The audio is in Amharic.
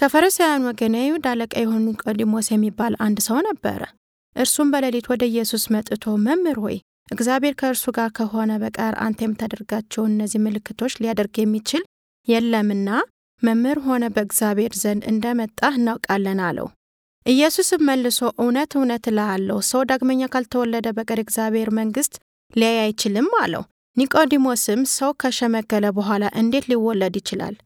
ከፈሪሳውያን ወገን አይሁድ አለቃ የሆኑ ኒቆዲሞስ የሚባል አንድ ሰው ነበረ። እርሱም በሌሊት ወደ ኢየሱስ መጥቶ መምህር ሆይ እግዚአብሔር ከእርሱ ጋር ከሆነ በቀር አንተ የምታደርጋቸውን እነዚህ ምልክቶች ሊያደርግ የሚችል የለምና መምህር ሆነ በእግዚአብሔር ዘንድ እንደመጣህ እናውቃለን አለው። ኢየሱስም መልሶ እውነት እውነት እልሃለሁ ሰው ዳግመኛ ካልተወለደ በቀር እግዚአብሔር መንግሥት ሊያይ አይችልም አለው። ኒቆዲሞስም ሰው ከሸመገለ በኋላ እንዴት ሊወለድ ይችላል?